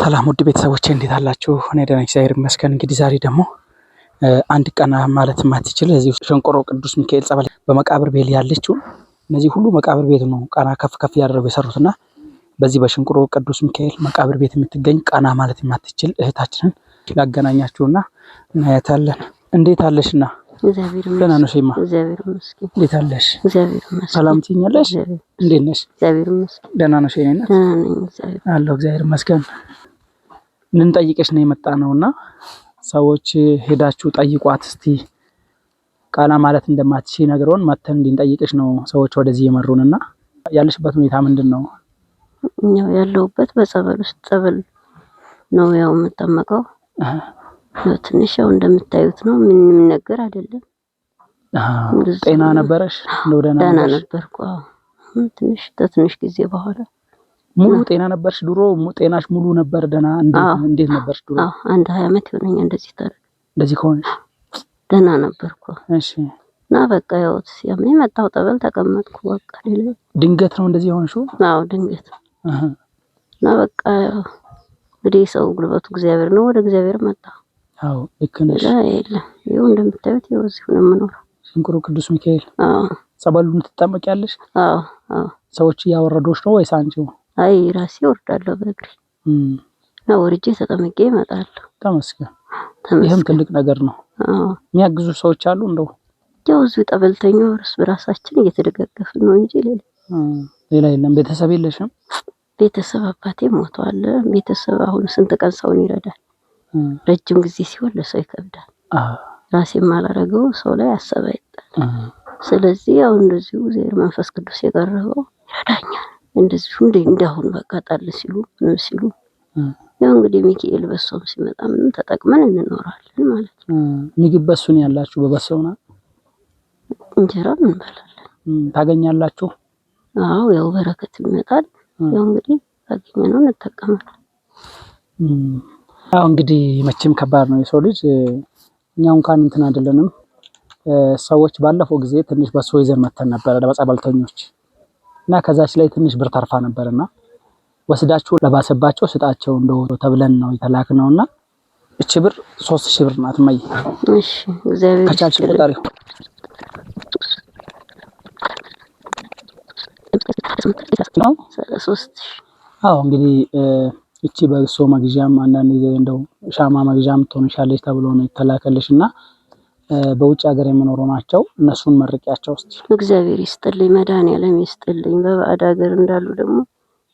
ሰላም ውድ ቤተሰቦች እንዴት አላችሁ? እኔ ደህና እግዚአብሔር ይመስገን። እንግዲህ ዛሬ ደግሞ አንድ ቀና ማለት ማትችል እዚህ ሸንቆሮ ቅዱስ ሚካኤል ጸበል በመቃብር ቤል ያለችው እነዚህ ሁሉ መቃብር ቤት ነው ቀና ከፍ ከፍ ያደረጉ የሰሩትና በዚህ በሸንቆሮ ቅዱስ ሚካኤል መቃብር ቤት የምትገኝ ቀና ማለት የማትችል እህታችንን ላገናኛችሁና እናያታለን። እንዴት አለሽና? ደህና ነሽ? ማ እንዴት አለሽ? ሰላም ትኛለሽ? እንዴት ነሽ? ደህና ነሽ? ኔ አለሁ እግዚአብሔር ይመስገን። ልንጠይቅሽ ነው የመጣነው እና ሰዎች ሄዳችሁ ጠይቋት እስቲ ቃላ ማለት እንደማትች ነግረውን መተን እንድንጠይቅሽ ነው ሰዎች ወደዚህ የመሩን እና ያለሽበት ሁኔታ ምንድን ነው? ያው ያለሁበት በጸበል ውስጥ ጸበል ነው ያው የምጠመቀው። ትንሽ ያው እንደምታዩት ነው። ምንም ነገር አይደለም። ጤና ነበረሽ? ደህና ነበርኩ። ትንሽ ተትንሽ ጊዜ በኋላ ሙሉ ጤና ነበርሽ ድሮ? ጤናሽ ሙሉ ነበር? ደህና እንዴት ነበርሽ ድሮ? አንድ ሀያ ዓመት ይሆነኛል እንደዚህ ታደርግ እንደዚህ ከሆነ ደህና ነበርኩ። እሺ። እና በቃ ያውት ሲያመኝ መጣው ጠበል ተቀመጥኩ። በቃ ሌላ ድንገት ነው እንደዚህ የሆንሽው? አዎ ድንገት እና በቃ እንግዲህ ሰው ጉልበቱ እግዚአብሔር ነው። ወደ እግዚአብሔር መጣ። አዎ ልክ ነሽ። የለም ይኸው እንደምታዩት ይኸው እዚሁ ነው የምኖረው። ሽንቁሩ ቅዱስ ሚካኤል። አዎ ጸበሉን ትጠመቂያለሽ? አዎ አዎ። ሰዎች እያወረዶች ነው ወይስ አንቺው? አይ ራሴ ወርዳለሁ በእግሬ እና ወርጄ ተጠምቄ እመጣለሁ። ተመስገን። ይህም ትልቅ ነገር ነው። የሚያግዙ ሰዎች አሉ። እንደው ያው እዚሁ ጠበልተኛው እርስ በራሳችን እየተደጋገፍን ነው እንጂ ሌላ ሌላ የለም። ቤተሰብ የለሽም? ቤተሰብ አባቴ ሞቷል። ቤተሰብ አሁን ስንት ቀን ሰውን ይረዳል? ረጅም ጊዜ ሲሆን ለሰው ይከብዳል። ራሴ የማላረገው ሰው ላይ አሰበ ይጣል። ስለዚህ አሁን እንደዚሁ እግዚአብሔር መንፈስ ቅዱስ የቀረበው ይረዳኛል። እንደዚሁ እንዳሁን በቃ ጣል ሲሉ ምን ሲሉ ያው እንግዲህ ሚካኤል በሶም ሲመጣ ምንም ተጠቅመን እንኖራለን ማለት ነው። ምግብ በሱን ያላችሁ በበሰውና እንጀራ እንበላለን ታገኛላችሁ። አዎ ያው በረከት ይመጣል። ያው እንግዲህ ነው እንጠቀማለን። አዎ እንግዲህ መቼም ከባድ ነው የሰው ልጅ እኛ እንኳን እንትን አይደለንም። ሰዎች ባለፈው ጊዜ ትንሽ በሶ ይዘን መተን ነበረ ለጸበልተኞች እና ከዛች ላይ ትንሽ ብር ተርፋ ነበርና ወስዳችሁ ለባሰባቸው ስጣቸው እንደው ተብለን ነው የተላክ ነውና እቺ ብር ሶስት ሺህ ብር ናት። እማዬ እሺ፣ እግዚአብሔር ከቻልሽ ቁጠሪ። አዎ እንግዲህ እቺ በሶ መግዣም አንዳንድ ጊዜ እንደው ሻማ መግዣም ትሆንሻለች ተብሎ ነው የተላከልሽ እና በውጭ ሀገር የሚኖሩ ናቸው። እነሱን መርቂያቸው ውስጥ እግዚአብሔር ይስጥልኝ፣ መድኃኔዓለም ይስጥልኝ። በባዕድ ሀገር እንዳሉ ደግሞ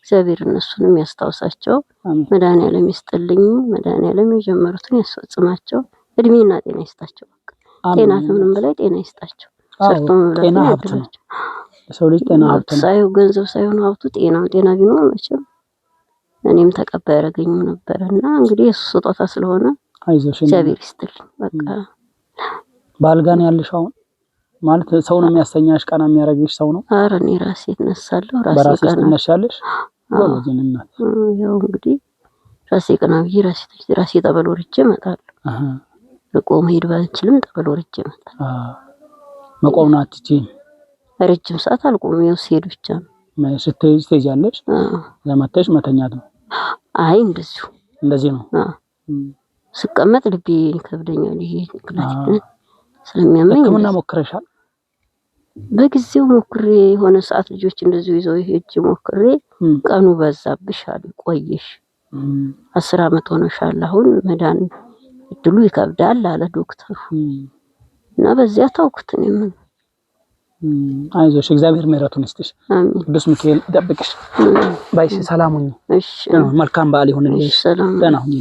እግዚአብሔር እነሱንም ያስታውሳቸው፣ መድኃኔዓለም ይስጥልኝ። መድኃኔዓለም የጀመሩትን ያስፈጽማቸው፣ እድሜና ጤና ይስጣቸው። ጤና ከምንም በላይ ጤና ይስጣቸው። ሰርቶ መብላት ያድላቸው። ሰው ልጅ ጤና ሀብት ሳይሆን ገንዘብ ሳይሆን ሀብቱ ጤናው ጤና ቢኖር መቼም እኔም ተቀባይ ያደረገኝም ነበረ እና እንግዲህ የሱ ስጦታ ስለሆነ እግዚአብሔር ይስጥልኝ በቃ ባልጋን ነው አሁን? ማለት ሰው ነው የሚያሰኛሽ? ቀና የሚያረግሽ ሰው ነው? አረ እኔ ራሴ እነሳለሁ። ራሴ ትነሻለሽ? ጎበዝ እናት። ያው እንግዲህ ራሴ ቀና ብዬ ራሴ ራሴ ጠበል ወርጄ እመጣለሁ። ርቆ መሄድ ባልችልም ጠበል ወርጄ እመጣለሁ። መቆም ነው አትችይም? ረጅም ሰዓት አልቆም፣ ያው ስሄድ ብቻ ነው። ስትሄጂ ትሄጃለሽ፣ ለመተሽ መተኛት ነው። አይ እንደዚሁ እንደዚህ ነው። ስቀመጥ ልቤ ይከብደኛል። ይሄ ክላችን ስለሚያመኝ ሕክምና ሞክረሻል? በጊዜው ሞክሬ የሆነ ሰዓት ልጆች እንደዚሁ ይዘው ሄጄ ሞክሬ ቀኑ በዛብሽ አሉ። ቆየሽ አስር አመት ሆነሻል አሁን መዳን እድሉ ይከብዳል አለ ዶክተር እና በዚያ ታውኩት ነው አይዞሽ፣ እግዚአብሔር ምሕረቱን ይስጥሽ፣ ቅዱስ ሚካኤል ይጠብቅሽ። ባይሽ ሰላም ሁኚ። መልካም በዓል ይሁንልሽ። ደህና ሁኚ።